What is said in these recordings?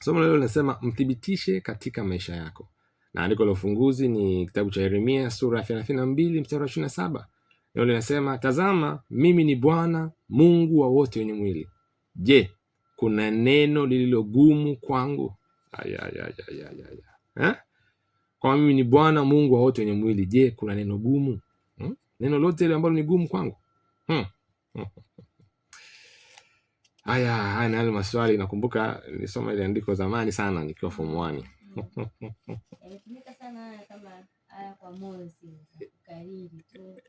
Somo leo linasema mthibitishe katika maisha yako, na andiko la ufunguzi ni kitabu cha Yeremia sura ya thelathini na mbili mstari wa ishirini na saba. Neno linasema tazama, mimi ni Bwana Mungu wa wote wenye mwili. Je, kuna neno lililogumu kwangu? Eh? Kwa mimi ni Bwana Mungu wa wote wenye mwili. Je, kuna neno gumu hmm? neno lote ile ambalo ni gumu kwangu hmm. Hmm. Haya, haya ni yale maswali nakumbuka nilisoma ile andiko zamani sana nikiwa form 1. Yanatumika sana kama haya kwa mozi, kukariri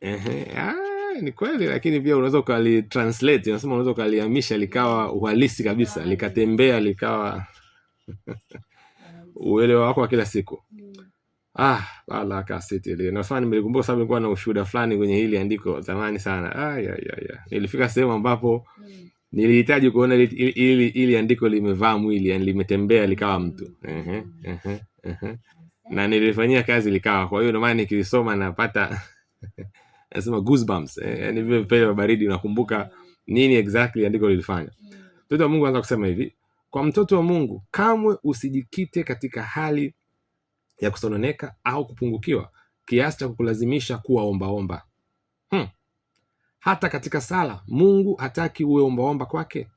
Ehe, ah, ni kweli lakini pia unaweza ukali translate, unasema unaweza ukalihamisha likawa uhalisi kabisa, likatembea likawa uelewa wako wa kila siku. Mm. Ah, wala kasiti ile. Na Nafani nilikumbuka sababu nilikuwa na ushuhuda fulani kwenye hili andiko zamani sana. Ah, ya, ya, ya. Nilifika sehemu ambapo mm. Nilihitaji kuona ili, ili, ili, ili andiko limevaa mwili, yani limetembea likawa mm. mtu. -huh, uh -huh. Na nilifanyia kazi likawa. Kwa hiyo ndio maana nikilisoma napata nasema goosebumps. Eh, yani vile vipele vya baridi unakumbuka nini exactly andiko lilifanya. Mtoto wa Mungu anza kusema hivi, kwa mtoto wa Mungu kamwe usijikite katika hali ya kusononeka au kupungukiwa kiasi cha kukulazimisha kuwa ombaomba. Hmm. Hata katika sala Mungu hataki uwe ombaomba kwake.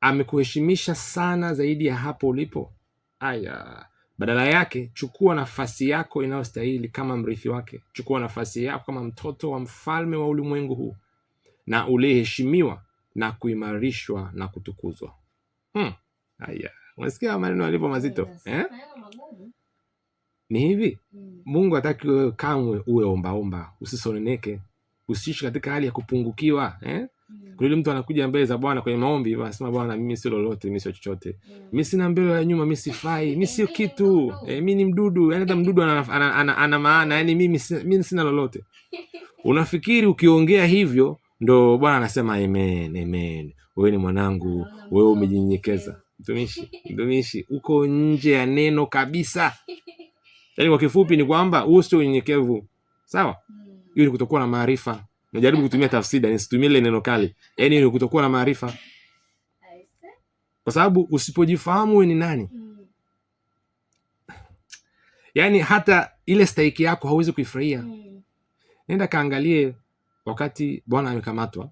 Amekuheshimisha sana zaidi ya hapo ulipo. Aya, badala yake chukua nafasi yako inayostahili kama mrithi wake. Chukua nafasi yako kama mtoto wa mfalme wa ulimwengu huu na uliheshimiwa na kuimarishwa na kutukuzwa. Hmm. Aya, maneno yalivyo mazito eh? Ni hivi, hmm. Mungu hataki wewe kamwe uwe ombaomba, usisoneneke kuhusishwa katika hali ya kupungukiwa eh? Mm. Kuna mtu anakuja mbele za Bwana kwenye maombi, anasema Bwana, mimi sio lolote, mimi sio chochote, mm. mimi sina mbele ya nyuma, mimi sifai, mimi sio kitu eh, mimi ni mdudu. Yani hata mdudu ana, ana, ana, ana maana, yani mimi mimi sina lolote. Unafikiri ukiongea hivyo ndo Bwana anasema amen, amen, wewe ni mwanangu, wewe umejinyenyekeza. Mtumishi, mtumishi, uko nje ya neno kabisa. Yani kwa kifupi ni kwamba huo sio unyenyekevu, sawa? Mm hiyo ni kutokuwa na maarifa. Najaribu kutumia tafsida, nisitumie ile neno kali, yani ni kutokuwa na maarifa, kwa sababu usipojifahamu wewe ni nani, yani hata ile stahiki yako hauwezi kuifurahia. Nenda kaangalie wakati Bwana amekamatwa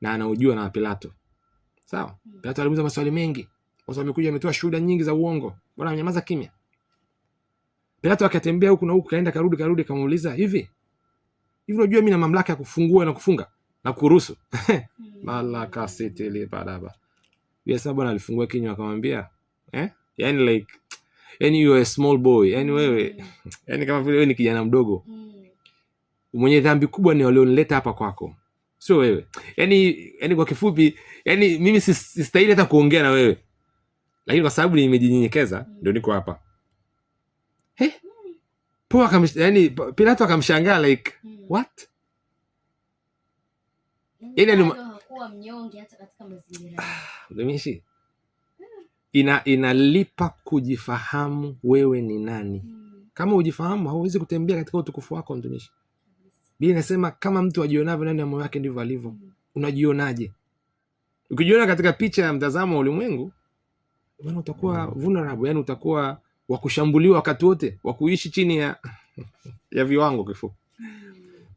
na anaojua na Pilato, sawa. Pilato alimuuliza maswali mengi, sababu amekuja ametoa shuhuda nyingi za uongo, Bwana amenyamaza kimya. Pilato akatembea huku na huku, kaenda karudi, karudi, kamuuliza hivi hivi. Unajua mimi na mamlaka ya kufungua na kufunga na kuruhusu hmm. malaka sitili badaba Yesu Bwana alifungua kinywa akamwambia eh, yani like yani you are a small boy, yani wewe hmm. yani kama vile wewe ni kijana mdogo hmm. mwenye dhambi kubwa ni walionileta hapa kwako, sio wewe. Yani, yani kwa kifupi, yani mimi sistahili hata kuongea na wewe, lakini kwa sababu nimejinyenyekeza ndio niko hapa. He? Eh? yani Pilato akamshangaa like hmm. what yani yaani mnyonge ina inalipa kujifahamu wewe ni nani hmm. kama hujifahamu hauwezi kutembea katika utukufu wako mtumishi Biblia inasema kama mtu ajionavyo ndani ya moyo wake ndivyo alivyo hmm. unajionaje ukijiona katika picha ya mtazamo wa ulimwengu yaani utakuwa hmm. vulnerable yani utakuwa wa kushambuliwa wakati wote, wa kuishi chini ya ya viwango. Kifupi,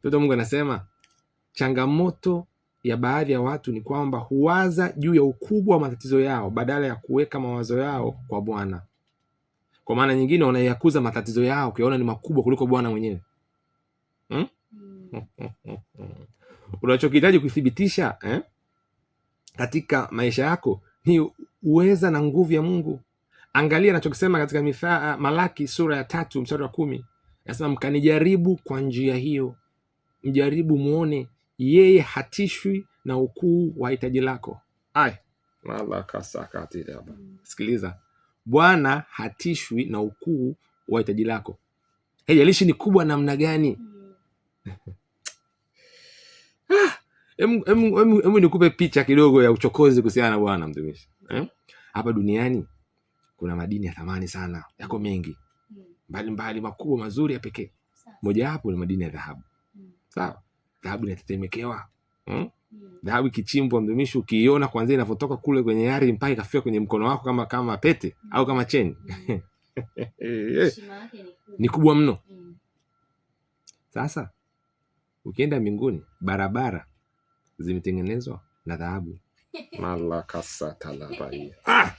mtoto Mungu anasema changamoto ya baadhi ya watu ni kwamba huwaza juu ya ukubwa wa matatizo yao badala ya kuweka mawazo yao kwa Bwana. Kwa maana nyingine, wanayakuza matatizo yao ukiona ni makubwa kuliko Bwana mwenyewe hmm? Unachokihitaji kuthibitisha eh, katika maisha yako ni uweza na nguvu ya Mungu. Angalia anachokisema katika mithaa, ah, Malaki sura ya tatu mstari wa kumi anasema mkanijaribu kwa njia hiyo, mjaribu mwone, yeye hatishwi na ukuu wa hitaji lako. sikiliza, Bwana hatishwi na ukuu wa hitaji lako, haijalishi ni kubwa namna gani. Mm. Hebu ah, nikupe picha kidogo ya uchokozi kuhusiana na Bwana mtumishi eh? hapa duniani kuna madini ya thamani sana, yako mengi mbalimbali, mm. makubwa mazuri ya pekee. Mojawapo ni madini ya dhahabu. Mm. Sawa, dhahabu inatetemekewa hmm? Mm. Dhahabu ikichimbwa, mdumishi, ukiiona kwanzia inavyotoka kule kwenye ari mpaka ikafika kwenye mkono wako kama kama pete mm. au kama cheni mm. Eh, eh. ni kubwa mno mm. Sasa ukienda mbinguni, barabara zimetengenezwa na dhahabu malakasatalabaia ah!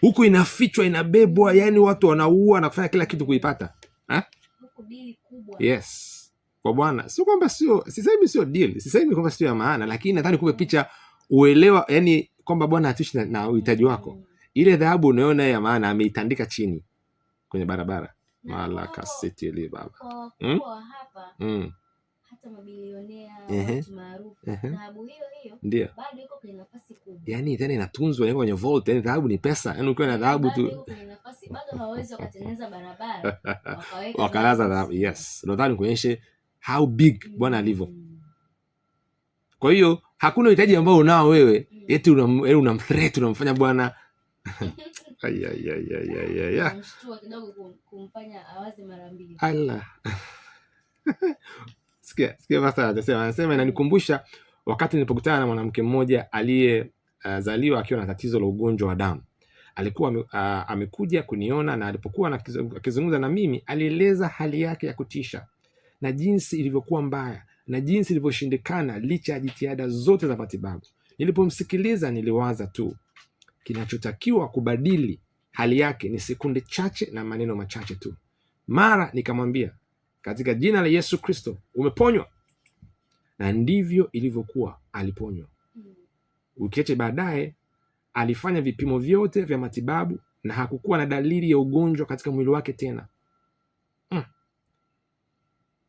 huku inafichwa, inabebwa, yani watu wanaua na kufanya kila kitu kuipata ha? Eh? Yes, kwa Bwana sio kwamba sio, sisemi sio deal, sisemi kwamba sio ya maana, lakini nadhani kupe picha uelewa, yani kwamba Bwana atuishi na uhitaji wako. Mm. Ile dhahabu unaona ya maana ameitandika chini kwenye barabara malakasitili baba hata mabilionea watu maarufu, dhahabu hiyo hiyo ndio bado iko kwenye nafasi kubwa, yani tena inatunzwa, yaani yaani yaani iko kwenye vault. Yani dhahabu ni pesa, yani ukiwa na dhahabu tu nafasi bado hawawezi wakatengeneza barabara wakaweka wakalaza dhahabu. Yes, nadhani kuonyeshe how big mm. Bwana alivyo. Kwa hiyo hakuna uhitaji ambao unao wewe mm. eti unam, unamthreat unamfanya Bwana sikia sikia anasema anasema inanikumbusha wakati nilipokutana na mwanamke mmoja aliyezaliwa eh, uh, akiwa na tatizo la ugonjwa wa damu alikuwa uh, amekuja kuniona na alipokuwa akizungumza na mimi alieleza hali yake ya kutisha na jinsi ilivyokuwa mbaya na jinsi ilivyoshindikana licha ya jitihada zote za matibabu. Nilipomsikiliza niliwaza tu, kinachotakiwa kubadili hali yake ni sekunde chache na maneno machache tu. Mara nikamwambia, katika jina la Yesu Kristo umeponywa. Na ndivyo ilivyokuwa, aliponywa. Wiki baadaye alifanya vipimo vyote vya matibabu na hakukuwa na dalili ya ugonjwa katika mwili wake tena. Mm.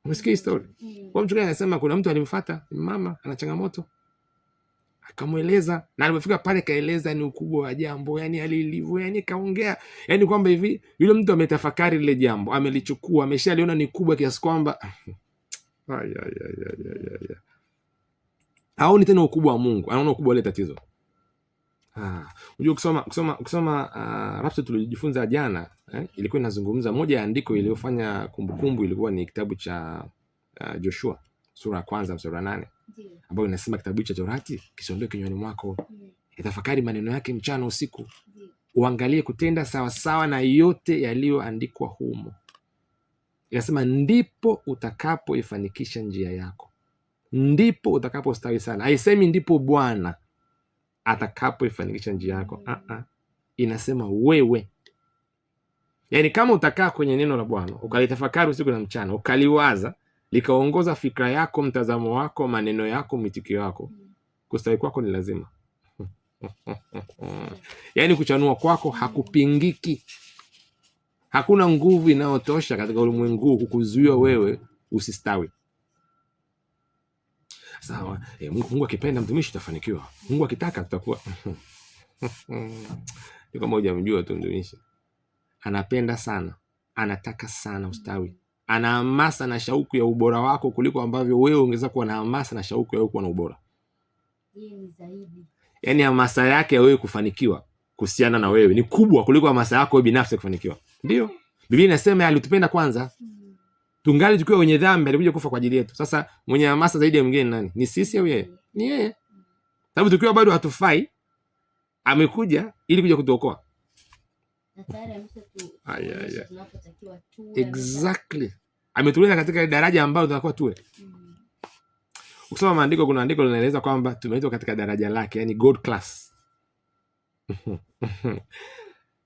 Umesikia hii mm. Kwa Mchungaji anasema kuna mtu alimfata mama ana changamoto akamweleza, na alipofika pale kaeleza ni ukubwa wa jambo, yani alilivyo, yani kaongea, yani kwamba hivi yule mtu ametafakari lile jambo, amelichukua, ameshaliona ni kubwa kiasi kwamba haoni tena ukubwa wa Mungu, anaona ukubwa wale tatizo. Ah, unajua, kusoma ah, tulijifunza jana eh, ilikuwa inazungumza moja ya andiko iliyofanya kumbukumbu, ilikuwa ni kitabu cha uh, Joshua sura ya kwanza msura nane ambayo inasema kitabu cha Torati kisiondoe kinywani mwako, itafakari maneno yake mchana usiku, uangalie kutenda sawasawa na yote yaliyoandikwa humo. Inasema ndipo utakapoifanikisha njia yako, ndipo utakapostawi sana. Haisemi ndipo Bwana atakapoifanikisha njia yako, uh -uh. inasema wewe Yaani, kama utakaa kwenye neno la Bwana ukalitafakari usiku na mchana ukaliwaza likaongoza fikra yako, mtazamo wako, maneno yako, mitikio yako Kustawi kwako ni lazima yaani kuchanua kwako hakupingiki. Hakuna nguvu inayotosha katika ulimwengu kukuzuia wewe usistawi. Sawa. E, Mungu, Mungu akipenda mtumishi utafanikiwa, Mungu akitaka tutakuwa ni kama hujamjua tu mtumishi anapenda sana, anataka sana ustawi ana hamasa na shauku ya ubora wako kuliko ambavyo wewe ungeweza kuwa na hamasa na shauku ya wewe kuwa na ubora. Yaani hamasa yake ya wewe kufanikiwa kuhusiana na wewe ni kubwa kuliko hamasa yako wewe binafsi ya kufanikiwa. Ndio Biblia inasema alitupenda kwanza, tungali tukiwa wenye dhambi, alikuja kufa kwa ajili yetu. Sasa mwenye hamasa zaidi ya mwingine nani? Ni sisi au yeye? Ni yeye, sababu tukiwa bado hatufai, amekuja ili kuja kutuokoa. Exactly ametueleza katika daraja ambalo tunakuwa tuwe. Mm. Ukisoma maandiko, kuna andiko linaeleza kwamba tumeitwa katika daraja lake, yani God class.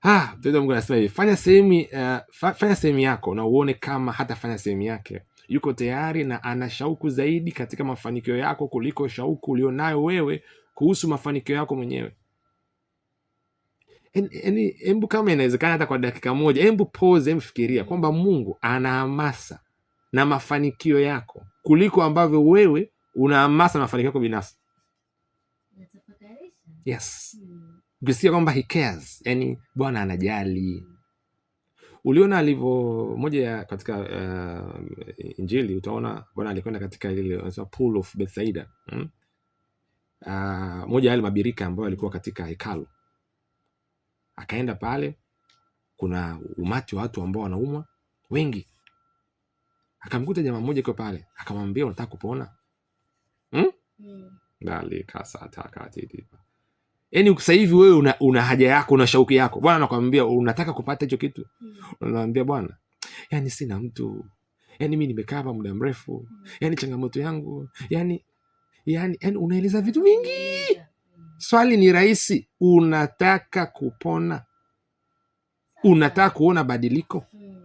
Ha, ah, Mungu anasema hivi, fanya sehemu uh, fa, fanya sehemu yako na uone kama hata fanya sehemu yake. Yuko tayari na ana shauku zaidi katika mafanikio yako kuliko shauku ulionayo wewe kuhusu mafanikio yako mwenyewe yani, hebu kama inawezekana hata kwa dakika moja, hebu pause, hebu fikiria kwamba Mungu ana hamasa na mafanikio yako kuliko ambavyo wewe una hamasa na mafanikio yako binafsi. Yes, Hmm. ukisikia kwamba he cares, yani Bwana anajali. Uliona alivyo moja ya katika uh, Injili utaona Bwana alikwenda katika ile wanasema pool of Bethsaida, hmm? Uh, moja ya yale mabirika ambayo alikuwa katika hekalu Hmm. Akaenda pale, kuna umati wa watu ambao wanaumwa wengi, akamkuta jamaa mmoja kwa pale, akamwambia unataka kupona hmm? mm. Yani sasa hivi wewe una, una haja yako, una shauki yako, Bwana anakwambia unataka kupata hicho kitu mm. Unamwambia Bwana, yani sina mtu, yani mi nimekaa hapa muda mrefu mm. changamoto yangu, yani, yani, yani unaeleza vitu vingi swali ni rahisi. Unataka kupona? Unataka kuona badiliko? Hmm.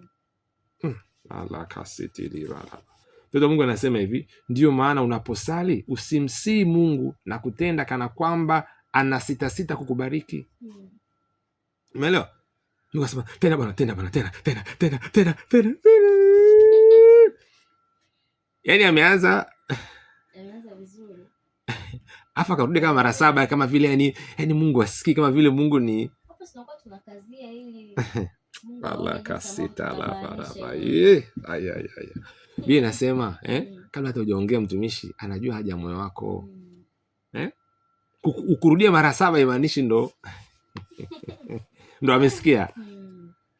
Mtoto Mungu anasema hivi, ndiyo maana unaposali usimsii Mungu na kutenda kana kwamba ana kukubariki. Umeelewa? Mungu asema tena Bwana, tena Bwana, tena tena tena tena tena, yaani ameanza afu akarudi kama mara saba, kama vile yani, yani Mungu asikii, kama vile Mungu ni Biblia eh, mm. eh mm. kabla hata ujaongea mtumishi anajua haja moyo wako mm. eh? Ukurudia mara saba imaanishi ndo ndo amesikia.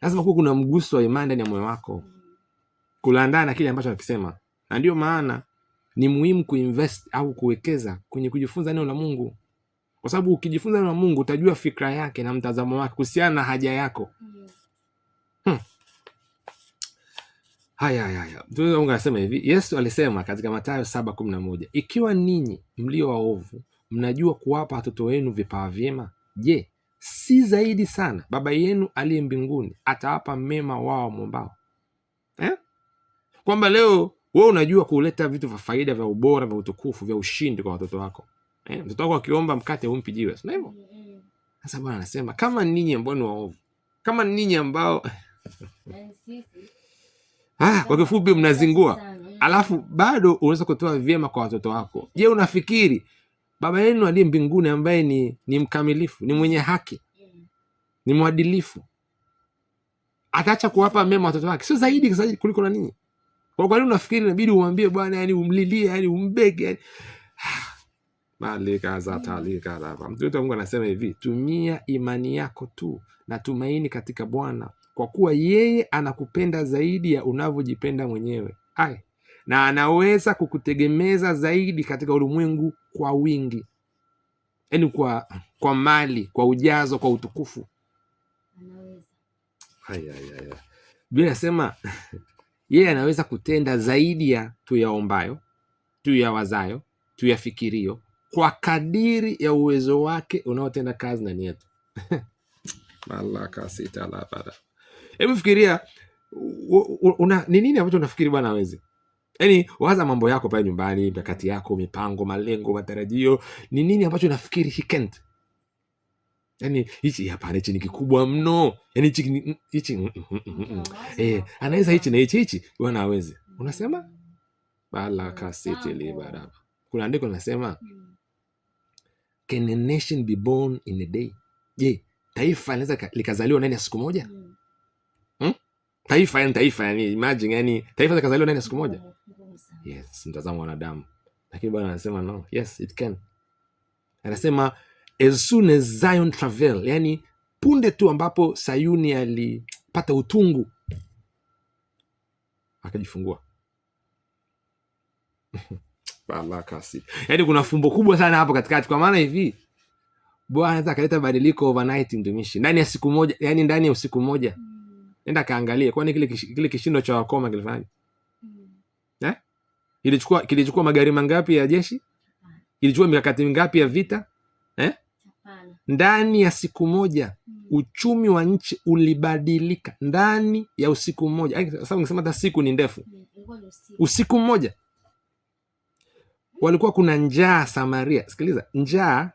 Lazima kuwa kuna mguso wa imani ndani ya moyo wako, kulandaa na kile ambacho akisema na ndio maana ni muhimu kuinvest au kuwekeza kwenye kujifunza neno la Mungu, kwa sababu ukijifunza neno la Mungu utajua fikra yake na mtazamo wake kuhusiana na haja yako. Hmm. Haya, Haya, haya, Tunaweza Mungu anasema hivi, Yesu alisema katika Mathayo saba kumi na moja ikiwa ninyi mlio waovu mnajua kuwapa watoto wenu vipawa vyema, je, si zaidi sana Baba yenu aliye mbinguni atawapa mema wao mwombao eh? Kwamba leo wewe unajua kuleta vitu vya faida vya ubora vya utukufu vya ushindi kwa watoto wako eh? Mtoto wako akiomba mkate humpi jiwe, sio hivyo? Sasa Bwana anasema kama ninyi ambao ni waovu, kama ninyi ambao yaani ah, kwa kifupi mnazingua, alafu bado unaweza kutoa vyema kwa watoto wako. Je, unafikiri baba yenu aliye mbinguni ambaye ni, ni mkamilifu ni mwenye haki mm. ni mwadilifu ataacha kuwapa mema watoto wake? Sio zaidi zaidi kuliko na ninyi? Kwa kwani unafikiri inabidi umwambie Bwana, yani umlilie, yani umbege, yani Mtume wa Mungu anasema hivi, tumia imani yako tu na tumaini katika Bwana, kwa kuwa yeye anakupenda zaidi ya unavyojipenda mwenyewe. Hai. Na anaweza kukutegemeza zaidi katika ulimwengu kwa wingi, yani kwa, kwa mali, kwa ujazo, kwa utukufu. Biblia inasema yeye anaweza kutenda zaidi ya tuyaombayo, tuyawazayo, tuyafikirio, kwa kadiri ya uwezo wake unaotenda kazi ndani yetu. Hebu fikiria ni nini ambacho unafikiri Bwana awezi? Yaani, waza mambo yako pale nyumbani, mikakati yako, mipango, malengo, matarajio. Ni nini ambacho unafikiri he can't yani hichi hapana, hichi ni kikubwa mno, yani hichi hichi mm, mm, mm, eh, anaweza hichi na hichi hichi, bwana hawezi. Unasema bala baraka sitili baraba, kuna andiko linasema can a nation be born in a day? Je, taifa linaweza likazaliwa ndani ya siku moja? hmm? Taifa yani taifa yani, imagine yani taifa likazaliwa ndani ya siku moja? Oh, oh, oh, yes, mtazamo wanadamu, lakini Bwana anasema no, yes it can, anasema as soon as Zion travail, yani punde tu ambapo Sayuni alipata utungu akajifungua. Balakasi. Yani kuna fumbo kubwa sana hapo katikati, kwa maana hivi Bwana anaweza akaleta badiliko overnight, mtumishi, ndani ya siku moja, yani ndani ya usiku mmoja mm. Nenda kaangalie, kwani kile, kile kishindo cha wakoma kilifanya mm. eh? kilichukua kilichukua magari mangapi ya jeshi? Mm. Kilichukua mikakati mingapi ya vita eh? Ndani ya siku moja hmm. uchumi wa nchi ulibadilika, ndani ya usiku mmoja. Sababu ngesema hata siku ni ndefu, hmm, usiku mmoja walikuwa kuna njaa Samaria. Sikiliza, njaa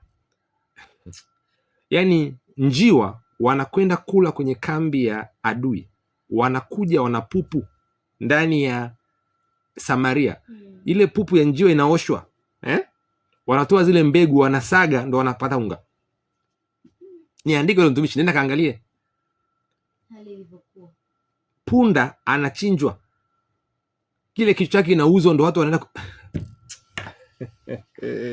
yani njiwa wanakwenda kula kwenye kambi ya adui, wanakuja wanapupu ndani ya Samaria. Hmm. Ile pupu ya njiwa inaoshwa eh? Wanatoa zile mbegu wanasaga, ndo wanapata unga niandike ule mtumishi, nenda kaangalie punda anachinjwa, kile kichwa chake inauzwa, ndo watu wanaenda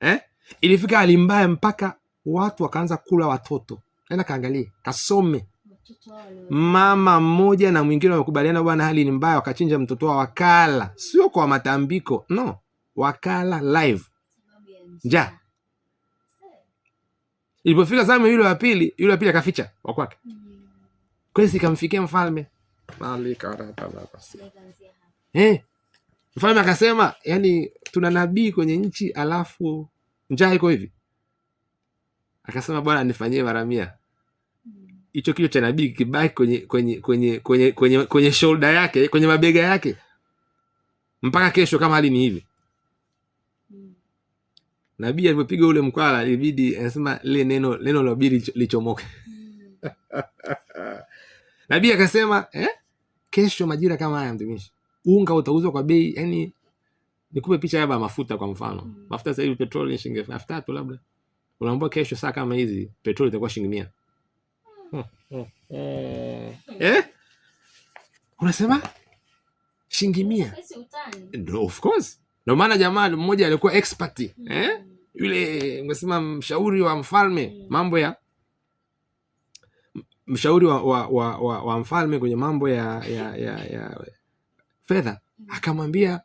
eh? Ilifika hali mbaya mpaka watu wakaanza kula watoto. Nenda kaangalie, kasome. Mama mmoja na mwingine wamekubaliana, bwana, hali ni mbaya, wakachinja mtoto wao wakala, sio kwa matambiko, no, wakala live nja Ilipofika zamu yule wa pili, yule wa pili akaficha wa kwake, mm. kwesi ikamfikia mfalme eh. Mfalme akasema, yani tuna nabii kwenye nchi alafu njaa iko hivi. Akasema, Bwana nifanyie mara mia mm. hicho kichwa cha nabii kibaki kwenye kwenye kwenye kwenye kwenye shoulder yake kwenye mabega yake mpaka kesho, kama hali ni hivi nabii alivyopiga ule mkwala ilibidi anasema lile neno neno la bili lichomoke. Nabii akasema eh, kesho majira kama haya, mtumishi, unga utauzwa kwa bei yani, nikupe picha ya mafuta kwa mfano mm. mafuta sasa hivi petroli ni shilingi elfu tatu labda, unaambia kesho saa kama hizi petroli itakuwa shilingi mia hmm. hmm. eh? unasema shilingi mia, of course. Ndio maana jamaa mmoja alikuwa expert mm. eh yule umesema mshauri wa mfalme mm. mambo ya mshauri wa, wa, wa, wa, wa mfalme kwenye mambo ya, ya, ya, ya fedha mm. akamwambia,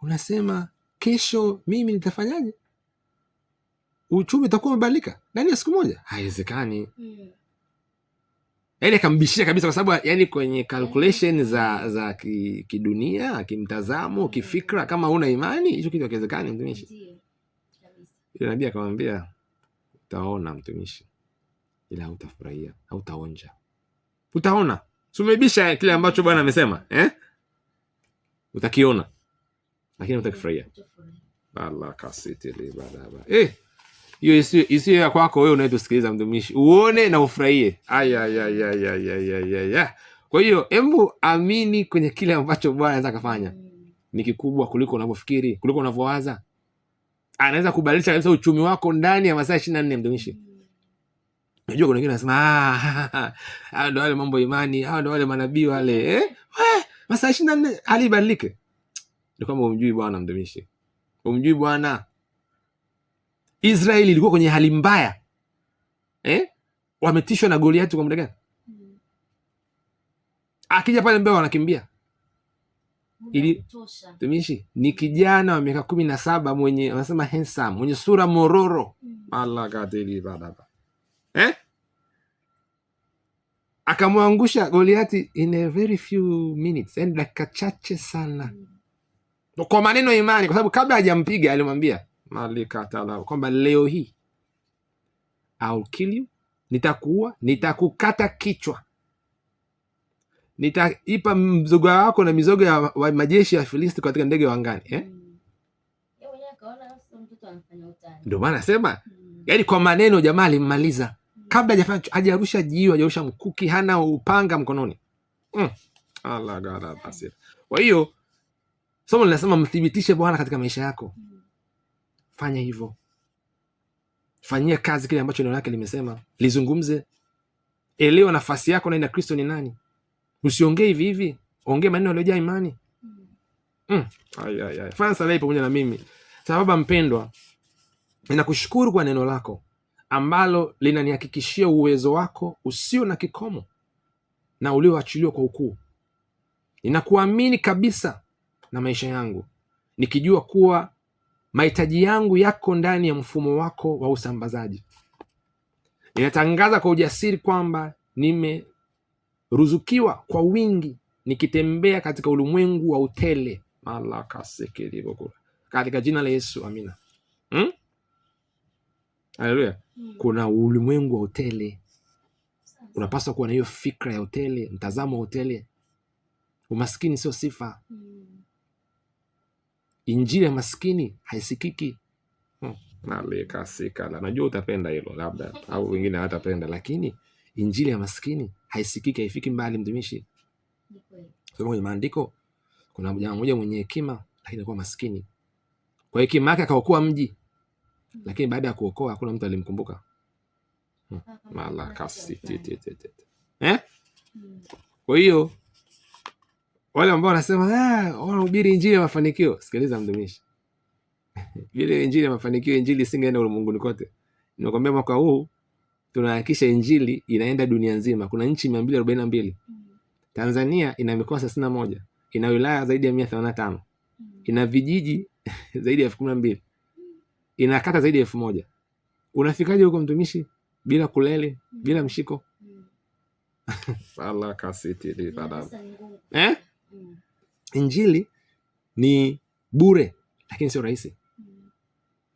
unasema kesho mimi nitafanyaje? Uchumi utakuwa umebadilika ndani ya siku moja? Haiwezekani. Mm yani akambishia kabisa, kwa sababu yani kwenye calculation za za kidunia, kimtazamo, mm. kifikra, kama una imani hicho kitu hakiwezekani mtumishi. nabii akamwambia utaona mtumishi, ila hautafurahia, hautaonja, utaona. Sumebisha kile ambacho Bwana amesema eh? Utakiona lakini utakifurahia. Allah kasitili baraba eh hiyo isiyo ya kwako wewe unayetusikiliza mtumishi, uone na ufurahie. Kwa hiyo hebu amini kwenye kile ambacho Bwana anaweza akafanya, mm. ni kikubwa kuliko unavyofikiri, kuliko unavyowaza. Anaweza kubadilisha kabisa uchumi wako ndani ya masaa ishirini na nne mtumishi. Mm. Najua kuna wengine anasema ah, hawa ndo wale mambo imani, hawa ndo wale manabii wale eh, eh? masaa ishirini na nne hali ibadilike. Ni kwamba umjui Bwana mtumishi, umjui Bwana Israeli ilikuwa kwenye hali mbaya eh? Wametishwa na Goliati kwa muda gani? Akija pale mbele wanakimbia ili tumishi ni kijana wa miaka kumi na saba mwenye wanasema handsome, mwenye sura mororo mm. eh? Akamwangusha Goliati in a very few minutes, yani dakika chache sana mm. kwa maneno ya imani, kwa sababu kabla hajampiga alimwambia malikatala kwamba leo hii I'll kill you, nitakuua, nitakukata kichwa, nitaipa mzoga wako na mizoga ya majeshi ya Filisti katika ndege wa angani eh? Ndio maana nasema mm. Yaani kwa maneno jamaa alimmaliza mm. kabla hajafanya hajarusha jiwe, hajarusha mkuki, hana upanga mkononi mm. Kwa hiyo somo linasema mthibitishe Bwana katika maisha yako mm fanya hivyo, fanyia kazi kile ambacho neno lake limesema, lizungumze. Elewa nafasi yako ndani ya Kristo ni nani. Usiongee hivi hivi, ongee maneno yaliyojaa imani. Mm. mm. Fanya sala pamoja na mimi. Sasa Baba mpendwa, ninakushukuru kwa neno lako ambalo linanihakikishia uwezo wako usio na kikomo na ulioachiliwa kwa ukuu. Ninakuamini kabisa na maisha yangu nikijua kuwa mahitaji yangu yako ndani ya mfumo wako wa usambazaji. Ninatangaza kwa ujasiri kwamba nimeruzukiwa kwa wingi, nikitembea katika ulimwengu wa utele katika jina la Yesu, amina. Hmm? Haleluya. Hmm. Kuna ulimwengu wa utele, unapaswa kuwa na hiyo fikra ya utele, mtazamo wa utele. Umaskini sio sifa. Hmm. Injili ya maskini haisikiki. Hmm. nalikasikala najua utapenda hilo labda, au wengine hawatapenda, lakini injili ya maskini haisikiki, haifiki mbali. Mtumishi Kwa kwenye maandiko, kuna jamaa mmoja mwenye hekima lakini alikuwa maskini. Kwa hekima yake akaokoa mji, lakini baada ya kuokoa hakuna mtu alimkumbuka. Hmm, eh? Hmm. kwa hiyo wale ambao wanasema ah, wanahubiri injili ya mafanikio, sikiliza mtumishi, bila injili ya mafanikio injili isingeenda ulimwenguni kote. Nimekwambia mwaka huu tunahakikisha injili inaenda dunia nzima. Kuna nchi mia mbili arobaini na mbili. Tanzania ina mikoa thelathini na moja, ina wilaya zaidi ya mia themanini na tano, ina vijiji zaidi ya elfu kumi na mbili, ina kata zaidi ya elfu moja. Unafikaje huko mtumishi, bila kulele, bila mshiko? Mm. eh? Injili ni bure, lakini sio rahisi.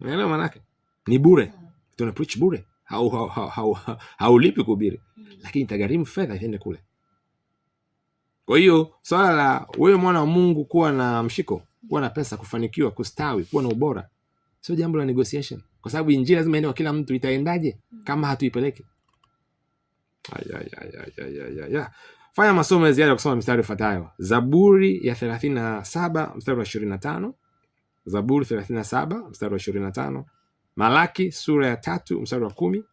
Unaelewa maanake? Ni bure, hmm. tuna preach bure, haulipi hau, hau, hau kuhubiri, hmm. lakini itagharimu fedha iende kule. Kwa hiyo swala la wewe mwana wa Mungu kuwa na mshiko, kuwa na pesa, kufanikiwa, kustawi, kuwa na ubora, sio jambo la negotiation, kwa sababu injili lazima iende kwa kila mtu. Itaendaje hmm. kama hatuipeleki? Fanya masomo ya ziada kusoma mistari ifuatayo: Zaburi ya thelathini na saba mstari wa ishirini na tano Zaburi thelathini na saba mstari wa ishirini na tano Malaki sura ya tatu mstari wa kumi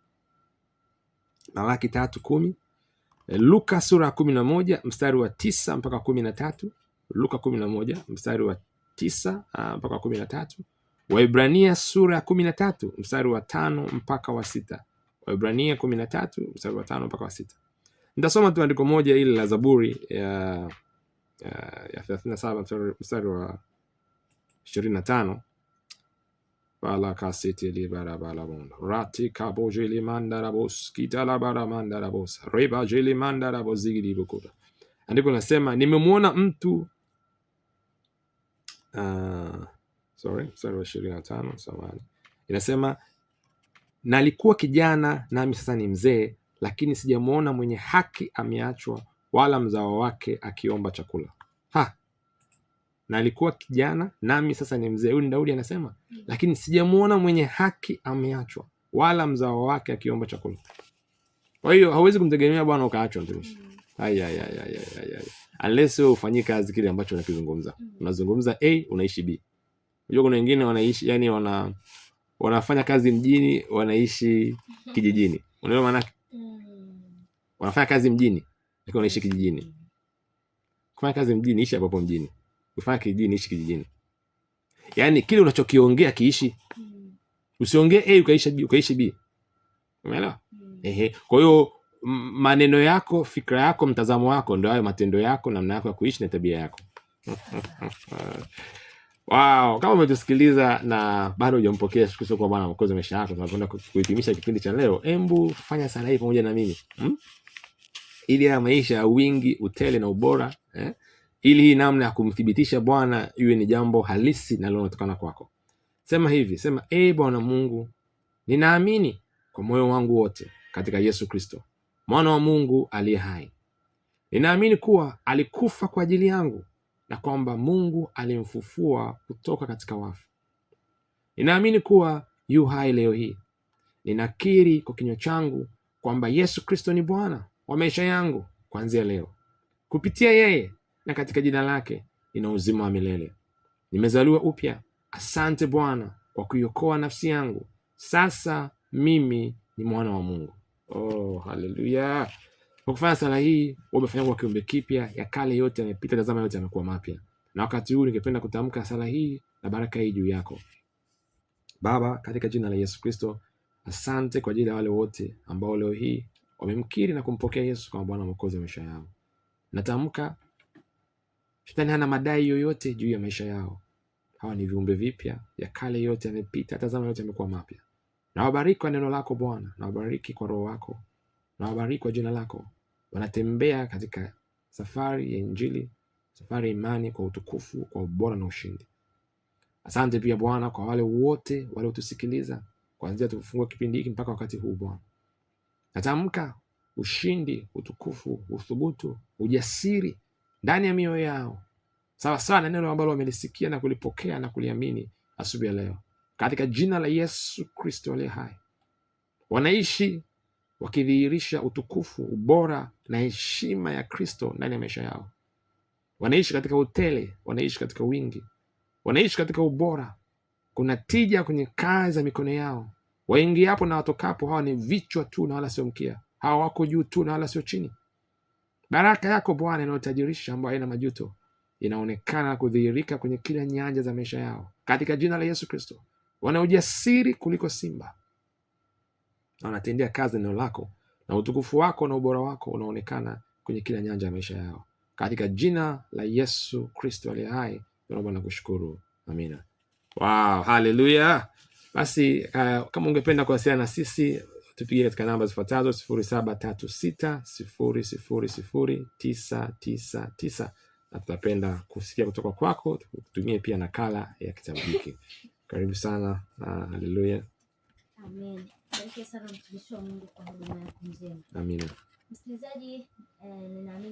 Malaki tatu kumi eh, Luka sura ya kumi na moja mstari wa tisa mpaka kumi na tatu Luka kumi na moja mstari wa tisa ah, mpaka kumi na tatu Waibrania sura ya kumi na tatu mstari wa tano mpaka wa sita Waibrania kumi na tatu mstari wa tano mpaka wa sita Nitasoma tu andiko moja ile la Zaburi ya ya thelathini na saba mstari wa ishirini na tano balakasitilibarabalabonaratikabojelimandaraboskitalabaramandarabosrebajelimandarabozigilibukuta andiko linasema nimemwona mtu uh, sorry mstari wa ishirini na tano samani inasema nalikuwa kijana nami sasa ni mzee lakini sijamwona mwenye haki ameachwa, wala mzawa wake akiomba chakula. Ha, na alikuwa kijana nami sasa ni mzee. Huyu ni Daudi anasema, mm. lakini sijamwona mwenye haki ameachwa, wala mzawa wake akiomba chakula. Kwa hiyo hauwezi kumtegemea Bwana ukaachwa mtumishi mm. unless wewe ufanyi kazi kile ambacho unakizungumza. Mm. Unazungumza A, unaishi B. Unajua kuna wengine wanaishi yani wana wanafanya kazi mjini, wanaishi kijijini. Unaelewa maana Wanafanya hmm. kazi mjini lakini wanaishi kijijini. Hmm. Kufanya kazi mjini, ishi hapo mjini. Kufanya kijijini, ishi kijijini. Yaani kile unachokiongea kiishi. Hmm. Usiongee A ukaishi ukaishi B. Umeelewa? Ehe. Kwa hiyo maneno yako, fikra yako, mtazamo wako ndo hayo matendo yako, namna yako ya kuishi na tabia yako. Wow, kama umetusikiliza na bado hujampokea Yesu Kristo kuwa Bwana Mwokozi wa maisha yako, tunakwenda kuhitimisha kipindi cha leo. Embu fanya sala hii pamoja na mimi hmm? ili ya maisha ya wingi, utele na ubora eh? ili hii namna ya kumthibitisha Bwana iwe ni jambo halisi na linalotokana kwako. Sema hivi, sema e Bwana Mungu, ninaamini kwa moyo wangu wote katika Yesu Kristo mwana wa Mungu aliye hai. Ninaamini kuwa alikufa kwa ajili yangu na kwamba Mungu alimfufua kutoka katika wafu. Ninaamini kuwa yu hai leo hii. Ninakiri kwa kinywa changu kwamba Yesu Kristo ni Bwana wa maisha yangu kuanzia leo. Kupitia yeye na katika jina lake nina uzima wa milele. Nimezaliwa upya. Asante Bwana kwa kuiokoa nafsi yangu. Sasa mimi ni mwana wa Mungu. Oh, haleluya! Kwa kufanya sala hii umefanya kwa kiumbe kipya, ya kale yote yamepita, tazama yote yamekuwa mapya. Na wakati huu ningependa kutamka sala hii na baraka hii juu yako. Baba, katika jina la Yesu Kristo, asante kwa ajili ya wale wote ambao leo hii wamemkiri na kumpokea Yesu kama Bwana Mwokozi wa maisha yao. Natamka shetani hana madai yoyote juu ya maisha yao. Hawa ni viumbe vipya, ya kale yote yamepita, tazama yote yamekuwa mapya. Nawabariki kwa neno lako Bwana, nawabariki kwa Roho wako na kwa jina lako. Wanatembea katika safari ya Injili, safari ya imani kwa utukufu, kwa ubora na ushindi. Asante pia Bwana kwa wale wote waliotusikiliza kuanzia tufungua kipindi hiki mpaka wakati huu Bwana, natamka ushindi, utukufu, uthubutu, ujasiri ndani ya mioyo yao, sawa sawa na neno ambalo wamelisikia na kulipokea na kuliamini asubuhi ya leo, katika jina la Yesu Kristo aliye hai. Wanaishi wakidhihirisha utukufu, ubora na heshima ya Kristo ndani ya maisha yao. Wanaishi katika utele, wanaishi katika wingi, wanaishi katika ubora. Kuna tija kwenye kazi za mikono yao. Waingiapo na watokapo, hawa ni vichwa tu na wala sio mkia, hawa wako juu tu na wala sio chini. Baraka yako Bwana inayotajirisha ambayo haina majuto inaonekana kudhihirika kwenye kila nyanja za maisha yao, katika jina la Yesu Kristo. Wana ujasiri kuliko simba na wanatendea kazi eneo lako, na utukufu wako na ubora wako unaonekana kwenye kila nyanja ya maisha yao, katika jina la Yesu Kristo aliye hai tunaomba na kushukuru, amina. Wow, haleluya! Basi uh, kama ungependa kuwasiliana na sisi tupigie katika namba zifuatazo: sifuri saba tatu sita sifuri sifuri sifuri tisa tisa tisa na tutapenda kusikia kutoka kwako, tutumie pia nakala ya kitabu hiki. Karibu sana. Haleluya, amen. Bariki sana kwa Amina. Msikilizaji, eh, ninaamini